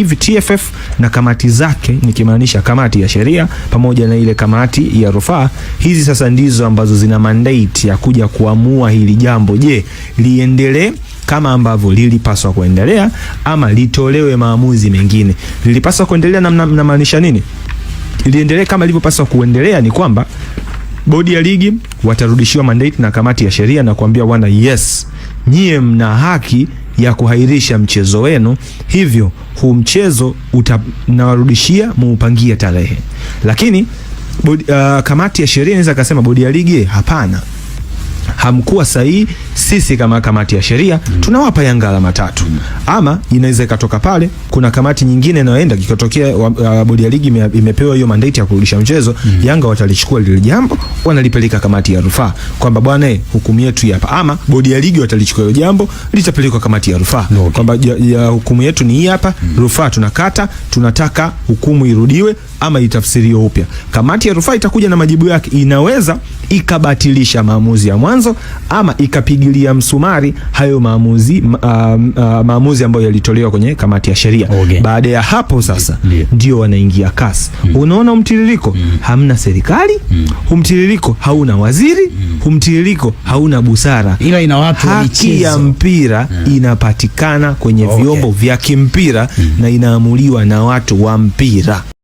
Hivi TFF na kamati zake nikimaanisha kamati ya sheria pamoja na ile kamati ya rufaa, hizi sasa ndizo ambazo zina mandate ya kuja kuamua hili jambo, je, liendelee kama ambavyo lilipaswa kuendelea ama litolewe maamuzi mengine. Lilipaswa kuendelea namaanisha nini? Liendelee kama lilivyopaswa kuendelea ni kwamba bodi ya ligi watarudishiwa mandate na kamati ya sheria na kuambia wana, yes, nyie mna haki ya kuhairisha mchezo wenu, hivyo huu mchezo utanawarudishia muupangia tarehe. Lakini bodi, uh, kamati ya sheria inaweza kasema bodi ya ligi hapana, hamkuwa sahihi sisi kama kamati ya sheria mm. tunawapa Yanga alama tatu mm. ama inaweza ikatoka pale kuna kamati nyingine inayoenda kikotokea, uh, bodi ya ligi imepewa hiyo mandate ya kurudisha mchezo mm. Yanga watalichukua lile jambo, wanalipeleka kamati ya rufaa kwamba bwana, eh, hukumu yetu hapa, ama bodi ya ligi watalichukua hilo jambo, litapelekwa kamati ya rufaa no, okay. kwamba ya, ya hukumu yetu ni hii hapa mm. rufaa tunakata, tunataka hukumu irudiwe ama itafsiriwe upya. Kamati ya rufaa itakuja na majibu yake, inaweza ikabatilisha maamuzi ya mwanzo ama ikapiga kupigilia msumari hayo maamuzi maamuzi ambayo yalitolewa kwenye kamati ya sheria. Okay. Baada ya hapo sasa ndio wanaingia kasi. Mm. Unaona mtiririko? Mm. Hamna serikali, mm. Umtiririko hauna waziri, mm. Umtiririko hauna busara. Ila ina watu wa michezo. Haki ya mpira yeah. inapatikana kwenye okay. vyombo vya kimpira mm. na inaamuliwa na watu wa mpira.